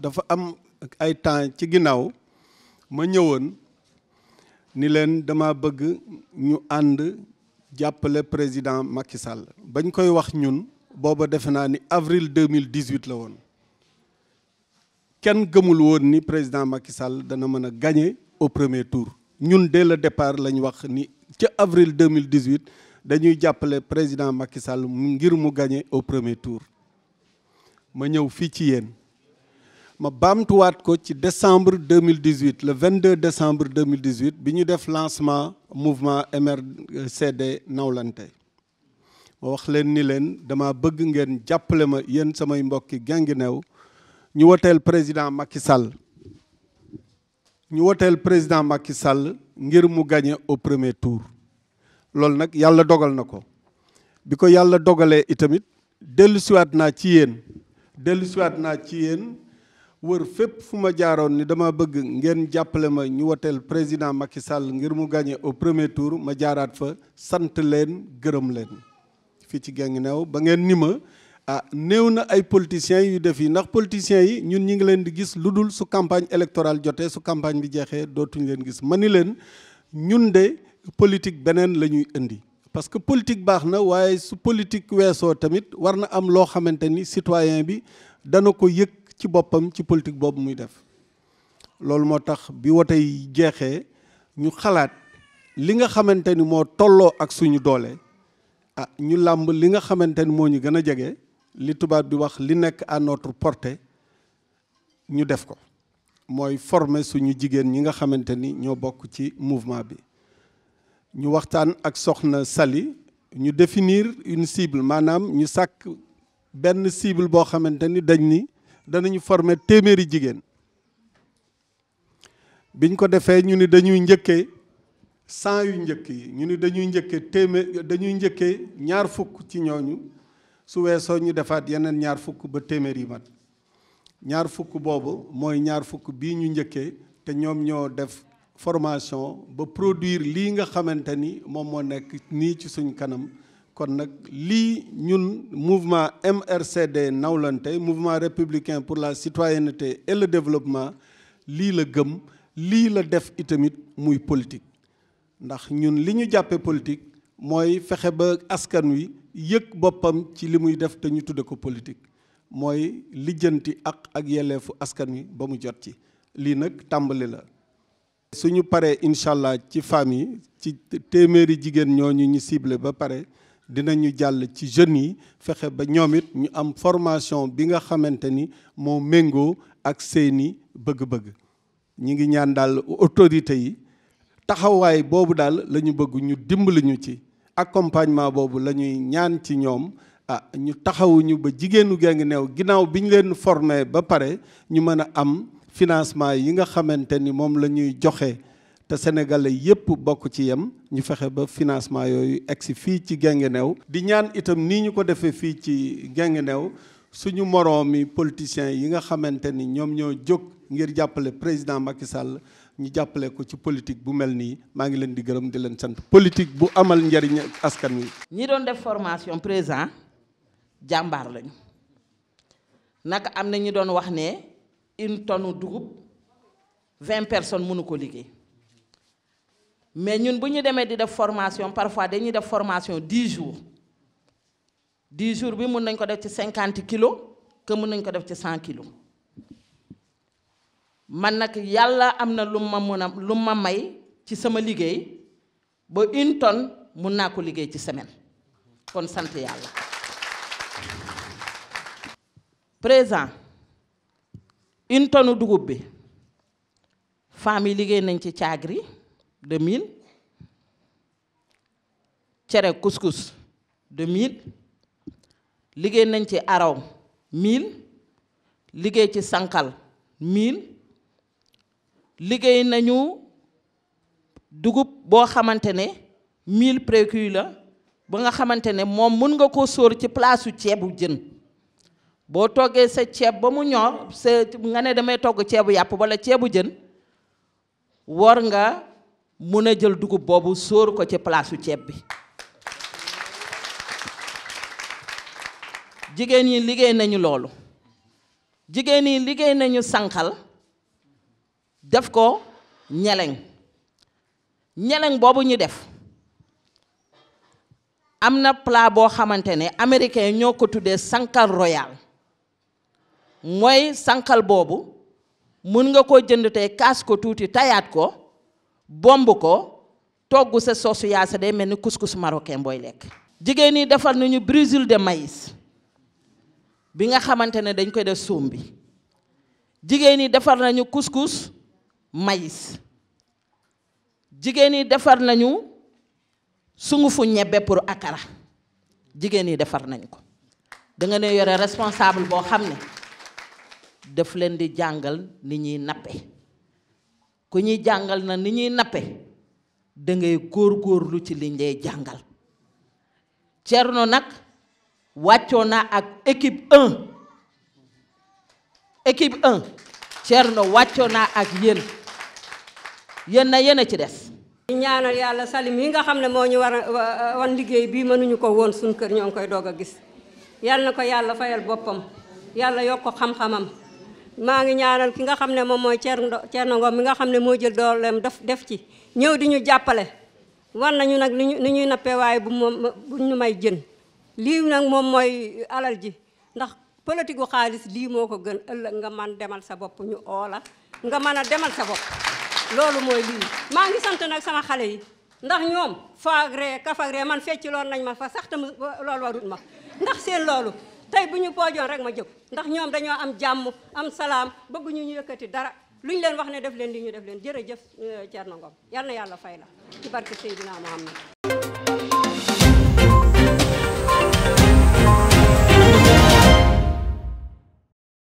dafa am ay temps ci ginnaaw ma ñëwoon ni leen dama bëgg ñu ànd jàppale président Macky Sall bañ koy wax ñun booba defe naa ni avril 2018 la woon kenn gëmul woon ni président Macky Sall dana mën a gagné au premier tour ñun dès le départ lañ wax ni ca avril 2018 dañuy jàppale président Macky Sall ngir mu gagné au premier tour ma ñëw fii ci yéen ma baamtuwaat ko ci décembre 2018 le 22 décembre 2018 bi ñu def lancement mouvement MRCD nawlante ma wax leen ni leen dama bëgg ngeen jàppale ma yéen samay mbokki new ñu woteel président Macky Sall ñu woteel président Macky Sall ngir mu gagné au premier tour loolu nag yàlla dogal na ko bi ko yàlla dogalee itamit dellusiwaat naa ci yéen dellusiwaat naa ci yéen wër fépp fu ma jaaroon ni dama bëgg ngeen jàppale ma ñu woteel président Macky Sall ngir mu gagné au premier tour ma jaaraat fa sant leen gërëm leen fii ci Guinguinéo ba ngeen ni ma ah néew na ay politiciens yu def yi ndax politiciens yi ñun ñi ngi leen di gis lu dul su campagne électorale jotee su campagne bi jeexee dootuñu leen gis ma ni leen ñun de politique beneen la ñuy indi parce que politique baax na waaye su politique weesoo tamit war na am loo xamante ni citoyen bi dana ko yëg ci boppam ci politique boobu muy def loolu moo tax bi wote jeexee ñu xalaat li nga xamante ni moo tolloo ak suñu doolee ah ñu làmb li nga xamante ni moo ñu gën a jege li tubaab di wax li nekk à notre portée ñu def ko mooy former suñu jigéen ñi nga xamante ni ñoo bokk ci mouvement bi ñu waxtaan ak soxna Sali ñu definir une cible maanaam ñu sàkk benn cible boo xamante ni dañ ni danañu forme téeméeri jigéen biñ ko defee ñu ni dañuy njëkkee cent yu njëkk yi ñu ni dañuy njëkkee téeméer dañuy njëkkee ñaar fukk ci ñooñu su weesoo ñu defaat yeneen ñaar fukk ba téeméer yi mat ñaar fukk boobu mooy ñaar fukk bii ñu njëkkee te ñoom ñoo def formation ba produir lii nga xamante ni moom moo nekk nii ci suñ kanam kon nag lii ñun mouvement MRCD nawlante mouvement républicain pour la citoyenneté et le développement lii la gëm lii la def itamit muy politique ndax ñun li ñu jàppe politique mooy fexe ba askan wi yëg boppam ci li muy def te ñu tudde ko politique mooy lijjanti ak ak yelleefu askan wi ba mu jot ci lii nag tàmbali la suñu paree incha allah ci femmes yi ci téeméeri jigéen ñooñu ñu ciblé ba pare dinañu jàll ci jeunes yi fexe ba ñoom it ñu am formation bi nga xamante ni moo méngoo ak seeni bëgg-bëgg ñi ngi ñaan daal autorités yi taxawaay boobu daal la ñu bëgg ñu dimbali ñu ci accompagnement boobu la ñuy ñaan ci ñoom ah ñu taxawuñu ba jigéenu ngi Guinguinéo ginnaaw bi ñu leen formé ba pare ñu mën a am financement yi nga xamante ni moom la ñuy joxe te sénégalais yépp bokk ci yem ñu fexe ba financement yooyu egsi fii ci Guinguinéo di ñaan itam nii ñu ko defee fii ci Guinguinéo suñu moroomi politiciens yi nga xamante ni ñoom ñoo jóg ngir jàppale président Macky Sall ñu jàppale ko ci politique bu mel nii maa ngi leen di gërëm di leen sant politique bu amal njariñ askan wi. ñi doon def formation président jàmbaar lañu naka am na ñu doon wax ne une tonne dugub vingt personnes mënu ko liggéey. mais ñun bu ñu demee di def formation parfois dañuy def formation 10 jour 10 jours bi mun nañ ko def ci cinquante kilos que mun nañ ko def ci 100 kilos man nag yàlla am na lu ma mun a lu ma may ci sama liggéey ba une tonne mun naa ko liggéey ci semaine kon sant yàlla présent une tonne dugub bi femmes yi liggéey nañ ci caagri 2000 cere couscous 2000 liggéey nañ ci araw 1000 liggéey ci sànqal 1000 liggéey nañu dugub boo xamante ne 1000 précu la ba nga xamante ne moom mën nga ko sóor ci palaasu ceebu jën boo toggee sa ceeb ba mu ñor sa nga ne damay togg ceebu yàpp walla ceebu jën war nga mun a jël dugub boobu sóor ko ci palaasu ceeb bi jigéen ñi liggéey nañu loolu jigéen ñi liggéey nañu sànqal def ko ñeleŋ ñeleŋ boobu ñu def am na plat boo xamante ne américain ñoo ko tuddee sànqal royal mooy sànqal boobu mun nga ko jënd tey kaas ko tuuti tayaat ko bomb ko togg sa soosu yaasa day mel ni couscous marocain booy lekk. jigéen ñi defal nañu brésil de maïs bi nga xamante ne dañ koy def suum bi jigéen ñi defar nañu couscous maïs jigéen ñi defar nañu sungufu ñebbe pour akara jigéen ñi defar nañu ko danga ne yore responsable boo xam ne def leen di jàngal ni ñuy nappe. ku ñuy jàngal na ni ñuy nappe dangay góorgóorlu ci liñ lay jàngal Cerno nag wàccoo na ak équipe 1 équipe 1 Cerno wàccoo naa ak yéen yéen na yéen a ci des ñaanal yàlla salim yi nga xam ne moo ñu war a wan liggéey bii mënuñu ko woon suñ kër ñoo ngi koy doog a gis yàlla na ko yàlla fayal boppam yàlla yokk ko xam-xamam maa ngi ñaanal ki nga xam ne moom mooy Thierno Thierno Ngom mi nga xam ne moo jël dooleem def def ci ñëw di ñu jàppale war nañu nag li ñuy nappee waaye bu moom bu ñu may jën lii nag moom mooy alal ji ndax politique gu xaalis lii moo ko gën ëllëg nga man demal sa bopp ñu oola nga mën a demal sa bopp loolu mooy lii maa ngi sant nag sama xale yi ndax ñoom faagre kafagree man fecc loolu nañ ma fa sax tam loolu warut ma ndax seen loolu tey bu ñu boojoon rek ma jóg ndax ñoom dañoo am jàmm am salaam bëgguñu ñu yëkkati dara lu ñu leen wax ne def leen li ñu def leen jërëjëf euh, Thierno Ngom yal na yàlla fay la ci barke Seydina Muhammad